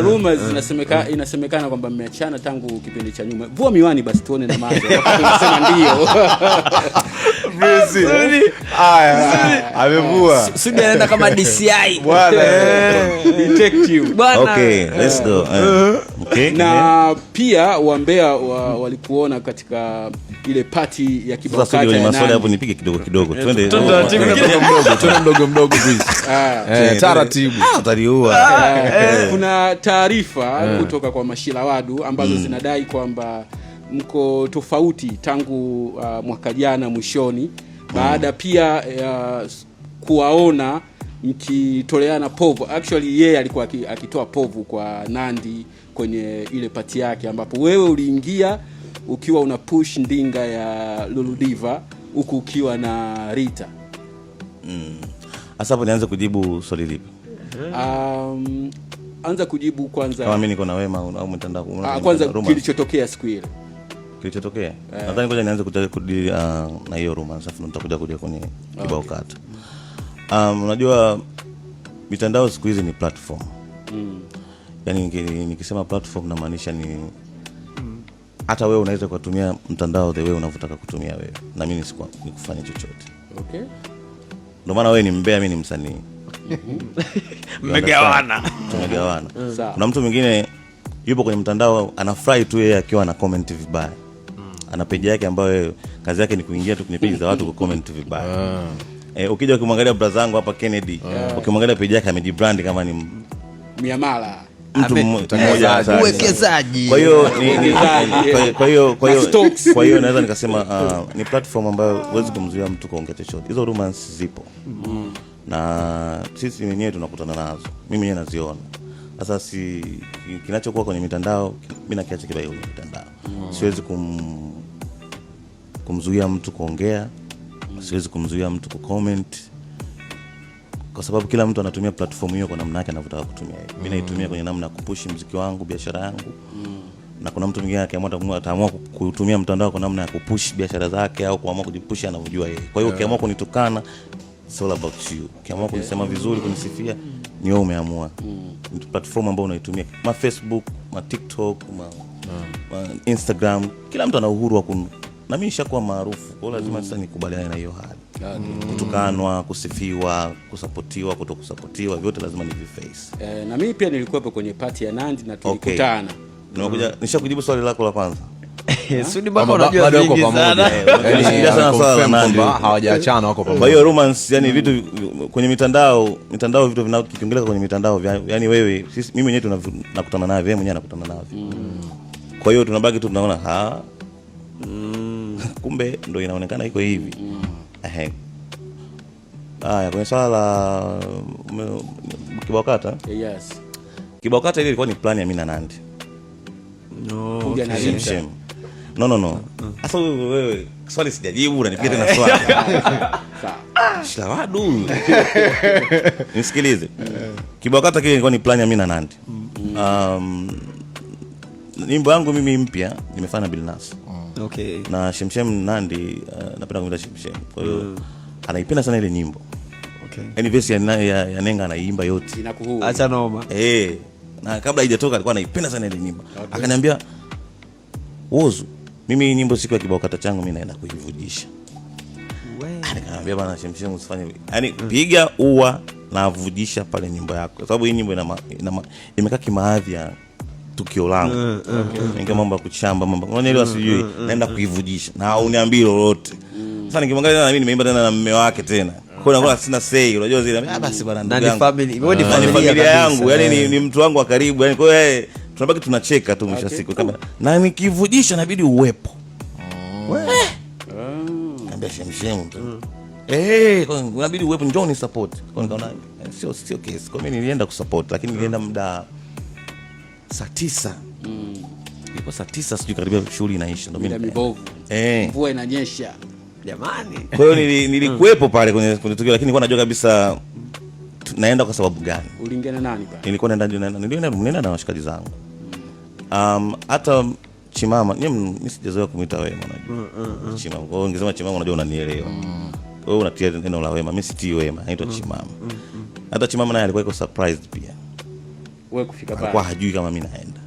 Rumors eh, eh. inasemekana inasemekana kwamba mmeachana tangu kipindi cha nyuma. Vua miwani basi tuone na macho. Unasema ndio. Mzuri. Haya. Amevua. Sudi anaenda kama DCI. Bwana. Detective. Bwana. Okay, let's go. Uh. Eh. -huh okay. na pia wambea wa, walikuona katika ile pati ya kibakata ya kidogo kidogo, eh, oh, mdogo mdogo, ah, eh, ah, ah, eh, Kuna taarifa kutoka kwa mashirawadu ambazo mm. zinadai kwamba mko tofauti tangu uh, mwaka jana mwishoni, baada mm. pia uh, kuwaona mkitoleana povu. Actually yeye alikuwa akitoa povu kwa Nandi kwenye ile pati yake, ambapo wewe uliingia ukiwa una push ndinga ya Luludiva huku ukiwa na Rita mm. Asapo nianze kujibu swali lipi? Um, anza kujibu kwanza kama mimi niko na Wema au mtandao ah, kwanza, kilichotokea siku ile kilichotokea eh. Nadhani ngoja nianze kutaja kudili uh, ah, na hiyo rumor, alafu nitakuja kuja kwenye kibao kata. okay. Um, unajua mitandao siku hizi ni platform mm yani nikisema platform namaanisha ni hata wewe unaweza kutumia mtandao the way unavyotaka kutumia wewe, na mimi sikufanya chochote. Okay, ndio maana wewe ni mbea, mimi ni msanii. Mmegawana, tumegawana. Kuna mtu mwingine yupo kwenye mtandao anafurahi tu yeye akiwa na comment vibaya, hmm. ana peji yake ambayo kazi yake ni kuingia tu kwenye peji za watu ku comment vibaya. Ah. Eh, ukija ukimwangalia brother zangu hapa Kennedy, ukimwangalia peji yake amejibrand kama ni miamala mtu Kwa hiyo naweza nikasema uh, ni platform ambayo huwezi kumzuia mtu kuongea chochote. Hizo huduma zipo na sisi wenyewe tunakutana nazo, mimi mwenyewe naziona. Sasa si kinachokuwa kwenye mitandao, mi nakiacha kibai kwenye mitandao mm. siwezi kum, kumzuia mtu kuongea, siwezi kumzuia mtu kucomment kwa sababu kila mtu anatumia platform hiyo kwa namna yake anavyotaka kutumia. Mimi naitumia kwenye namna ya kupush mziki wangu, biashara yangu mm. na kuna mtu mwingine akiamua ataamua kutumia mtandao kwa namna ya kupush biashara zake au kuamua kujipush anavyojua yeye. Kwa hiyo ukiamua yeah. kunitukana it's all about you, ukiamua okay. kunisema vizuri, kunisifia mm. ni wewe umeamua. mm. platform ambayo unaitumia ma Facebook, ma TikTok, ma, mm. ma Instagram, kila mtu ana uhuru wa kun na mimi nishakuwa maarufu kwa lazima mm. sasa nikubaliane na hiyo hali. Kutukanwa, kusifiwa, kusapotiwa, kuto kusapotiwa vyote lazima ni viface. e, eh, na mimi pia nilikuwepo kwenye pati ya Nandi na tulikutana. Okay. Nimekuja mm. nisha kujibu swali lako la kwanza. Eh, Sudi bado eh, unajua vingi sana. Yaani, Nishikilia sana swala la Nandi. Hawajaachana wako pamoja. Kwa hiyo romance, yani vitu kwenye mitandao, mitandao vitu vinakiongeleka kwenye mitandao, yani wewe sisi mimi mwenyewe tunakutana navyo, yeye mwenyewe anakutana navyo. Kwa hiyo tunabaki tu tunaona ha. Mm. Kumbe ndo inaonekana iko hivi. Mm. Ehe. Haya, kwenye swala la Yes. ile ilikuwa ni plani ya mimi na Nandi. No. Shem Shem. No no no. Mm, mm. Sasa wewe swali sijajibu tena swali. Sawa. wadu. Nisikilize. kile ilikuwa ni plani ya mimi na Nandi. Mm, um, nyimbo yangu mimi mpya nimefanya Bilnas okay. na Shemshem Nandi uh, napenda kumwita Shemshem, kwa hiyo mm. anaipenda sana ile nyimbo okay. yani verse ya, ya, ya Nenga anaimba yote inakuhuu, acha noma eh, na kabla haijatoka alikuwa anaipenda sana ile nyimbo okay. akaniambia Wozu, mimi nyimbo siku ya kibao kata changu mimi naenda kuivujisha. Nikamwambia bana Shemshem, usifanye yani mm. piga uwa navujisha pale nyimbo yako, kwa sababu hii nyimbo imekaa kimaadhi ya tukio langu mm, mambo ya kuchamba mambo sijui naenda kuivujisha na uniambii lolote Sasa nikimwangalia tena na mimi nimeimba tena na mume wake tena kwa sina sei, unajua zile ah, basi bwana, ndugu yangu ah, ni familia yangu, yani ni, ni mtu wangu wa karibu, yani kwa hiyo hey, tunabaki tunacheka tu mwisho siku kama na nikivujisha inabidi uwepo oh. wewe ambia shemshemu tu mm. eh, inabidi uwepo, njoo ni support. Kwa sio sio kwa mimi nilienda kusupport, lakini nilienda muda saa tisa mm. Ilikuwa saa tisa sijui, karibia shughuli inaisha, ndio mimi eh, mvua inanyesha jamani. Kwa hiyo nilikuwepo pale kwenye kwenye tukio, lakini nilikuwa najua kabisa naenda kwa sababu gani. Uliingia nani pale? Nilikuwa naenda nilienda nilienda na washikaji zangu um, hata Chimama mimi sijazoea kumuita Wema, unajua mm, mm, mm, Chimama. Kwa hiyo ningesema Chimama, unajua unanielewa mm. hiyo unatia neno la Wema, mimi sitii Wema, naitwa mm. Chimama mm, mm. mm. Hata Chimama naye alikuwa iko surprised pia wewe kufika pale. Alikuwa hajui kama mimi naenda.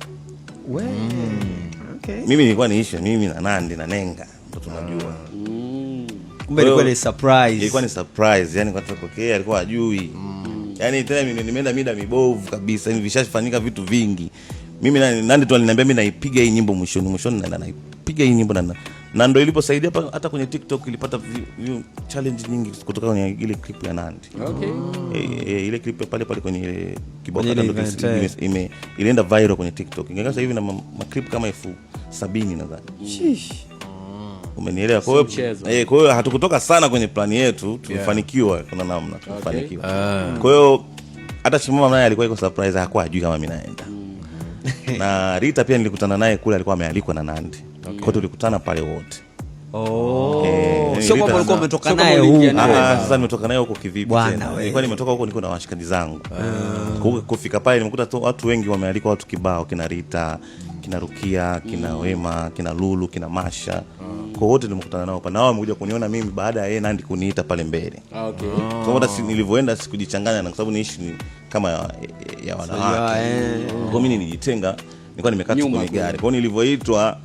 Wewe. Mm. Okay. Mimi nilikuwa niishe mimi na Nandi na Nenga ndo tunajua. mm. Kumbe ilikuwa ni surprise. Ilikuwa ni surprise. yani kwa tokea alikuwa hajui. mm. yani tena mimi nimeenda mida mibovu kabisa. Hivi vishafanyika vitu vingi. Mimi Nandi tu aliniambia mimi naipiga hii nyimbo mwishoni mwishoni na naipiga hii nyimbo na na ndo iliposaidia hata kwenye TikTok ilipata challenge nyingi kutoka kwenye ile clip ya nandi Okay. E, e, ile clip pale pale kwenye ile kibao eh. ime ilienda viral kwenye TikTok. Ingawa sasa hivi na maclip kama elfu sabini nadhani. Shish. Mm. Umenielewa? Kwa hiyo eh, kwa hiyo hatukutoka sana kwenye plani yetu, tumefanikiwa yeah. Kuna namna tumefanikiwa Okay. Ah. Kwa hiyo hata Chimama naye alikuwa iko surprise, hakuwa ajui kama mimi naenda. Mm. Na Rita pia nilikutana naye kule, alikuwa amealikwa na nandi kwa tulikutana pale wote. Oh. Eh, sio kwamba ulikuwa umetoka naye huko. Ah, sasa nimetoka naye huko kivipi tena? Nilikuwa nimetoka huko niko na washikaji zangu. Ah. Kufika pale nimekuta watu wengi wamealikwa, watu kibao kina Rita, kina Rukia, kina mm. Wema, kina Lulu, kina Masha. Kwa wote nimekutana nao pale. Nao wamekuja kuniona mimi baada ya yeye Nandi kuniita pale mbele. Ah, okay. Kwa sababu nilivyoenda sikujichanganya na kwa sababu niishi kama ya wanawake. Eh. Kwa mimi nilijitenga, nilikuwa nimekaa kwenye gari. Kwa hiyo nilivyoitwa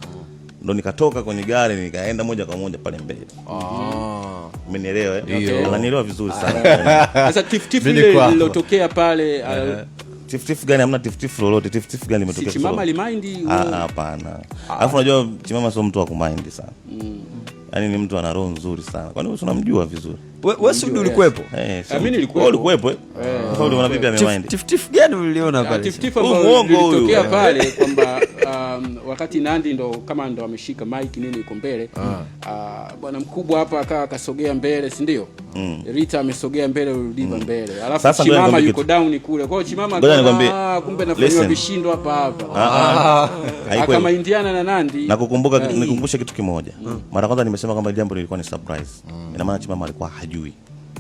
ndo nikatoka kwenye gari nikaenda moja kwa moja pale mbele. Ah. Umenielewa? eh? Okay. Ananielewa vizuri ah. sana. Sasa lilotokea pale eh, ah, tiftif gani? amna tiftif lolote. tiftif gani limetokea? Si Chimama Ah, hapana. Alafu unajua Chimama sio mtu wa kumind sana. Mm. Yaani ni mtu ana roho nzuri sana. Kwani wewe unamjua vizuri? wakati Nandi ndo kama ndo ameshika mic nini iko mbele. Ah. Ah, bwana mkubwa hapa akawa akasogea mbele, sindio mm. Rita amesogea mbele, uliva mm. mbele. alafuchimama yuko down kule. kwao chimamakumbe ah, nafanyiwa vishindo hapa hapa. Kama Indiana na Nandi. Nakukumbuka eh. nikukumbushe kitu kimoja. Mm. Mara kwanza nimesema kwamba jambo lilikuwa ni surprise. Ina Chimama alikuwa hajui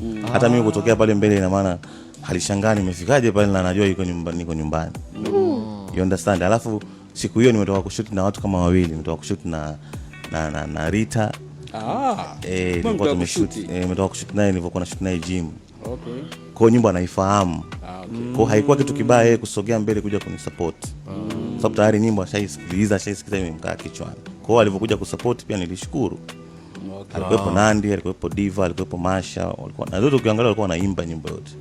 mm. Hata mimi kutokea pale mbele, ina maana alishangaa nimefikaje pale na anajua yuko nyumbani, niko nyumbani mm. You understand? Alafu siku hiyo nimetoka kushoot na watu kama wawili, nimetoka kushoot na, na, na, na Rita Ah, eh, eh nimetoka kushoot naye nilivyokuwa na shoot naye gym. Okay. Kwa nyumba anaifahamu. Ah, okay. Kwa haikuwa kitu kibaya yeye kusogea mbele kuja kunisupport. Mm. Sababu tayari nyimbo ashaisikiliza, ashaisikiza imemkaa kichwani. Kwa hiyo alivyokuja kusupport pia nilishukuru okay. Alikuwepo Nandi, alikuwepo Diva, alikuwepo Masha, walikuwa ukiangalia walikuwa wanaimba nyimbo yote.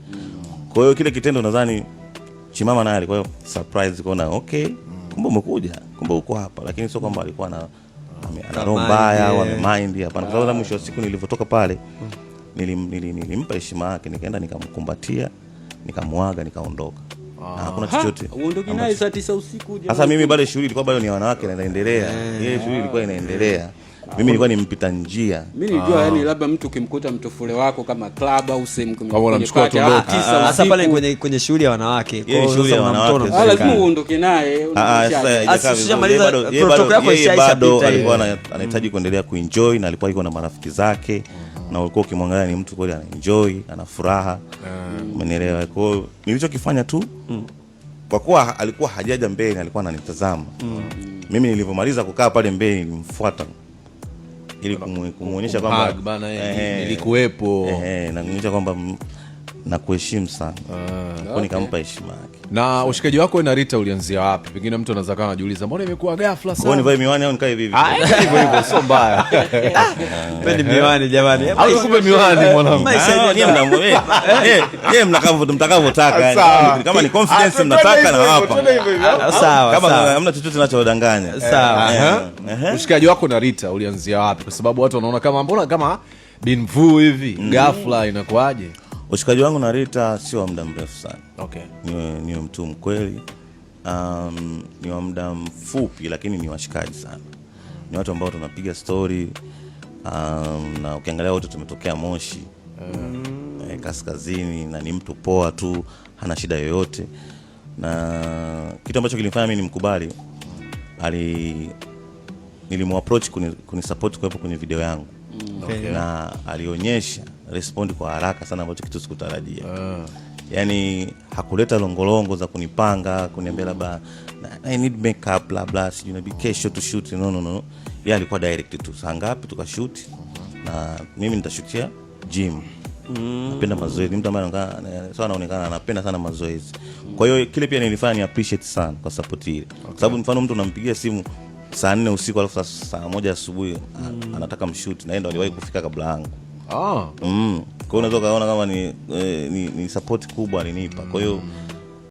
Kwa hiyo kile kitendo nadhani Chimama naye alikuwa surprise kuona okay, mm. kumbe umekuja, kumbe uko hapa, lakini sio kwamba alikuwa na anaroho mbaya au amemind. Hapana, kwa sababu mwisho wa siku nilivyotoka pale mm. nilim, nilim, nilimpa heshima yake, nikaenda nikamkumbatia, nikamwaga, nikaondoka. Ah, hakuna chochote. Uondoki naye saa 9 usiku. Sasa mimi bado shughuli ilikuwa bado ni wanawake na inaendelea. Yeye shughuli ilikuwa inaendelea. Mimi nilikuwa nimpita mpita njia. Mimi nilijua yani labda mtu ukimkuta mtofule wako kama club au sehemu ah, ah, ah. hasa pale kwenye kwenye shughuli ya wanawake. Lazima uondoke naye. Bado alikuwa anahitaji kuendelea kuenjoy na alikuwa yuko na marafiki zake mm. na ulikuwa ukimwangalia ni mtu kweli anaenjoy, ana furaha. Mm. Umenielewa? Kwa hiyo nilichokifanya tu mm. kwa kuwa alikuwa hajaja Mbeya, alikuwa ananitazama. Mimi nilivyomaliza kukaa pale Mbeya nilimfuata ili kumuonyesha kwamba eh, nilikuwepo na kumuonyesha kwamba na kuheshimu sana ah, nikampa heshima yake. Na ushikaji wako na Rita ulianzia wapi? Pengine mtu anaweza kaa anajiuliza mbona imekuwa ghafla sana. Nivae miwani au nikae hivi hivi? Ah, hivyo hivyo sio mbaya. Pendi ah, miwani jamani. Au kumbe miwani mwanangu. Ah, Yeye mtakavotaka yani. Kama ni confidence mnataka na hapa. Eh? Sawa. Kama hamna chochote kinachodanganya. Eh, sawa. Eh, ushikaji wako na Rita ulianzia wapi? Kwa sababu watu wanaona kama mbona kama binvu hivi mm. ghafla inakuwaje? Ushikaji wangu na Rita sio wa muda mrefu sana. Okay. Niwe, niwe mtu mkweli um, ni wa muda mfupi lakini ni washikaji sana, ni watu ambao tunapiga stori um, na ukiangalia wote tumetokea Moshi mm. eh, kaskazini na ni mtu poa tu, hana shida yoyote, na kitu ambacho kilinifanya mimi nimkubali ali nilimwapproach kunisupport kuni kuwepo kwenye video yangu mm. okay. na alionyesha respond kwa haraka sana, ambacho kitu sikutarajia uh. Ah. Yani hakuleta longolongo za kunipanga kuniambia labda I need makeup bla bla, sijui nabi kesho to shoot. No, no, no, yeye alikuwa direct tu, saa ngapi uh -huh. na mimi nitashutia gym Mm. Napenda mazoezi, mtu ambaye anaonekana anapenda sana mazoezi. Kwa hiyo kile pia nilifanya ni appreciate sana kwa support ile, kwa sababu mfano mtu anampigia simu saa nne usiku alafu saa moja asubuhi mm. anataka mshoot, na yeye ndo aliwahi kufika kabla yangu ah. mm. Kwa hiyo unaweza ukaona kama ni, eh, ni, ni support kubwa alinipa kwa hiyo mm.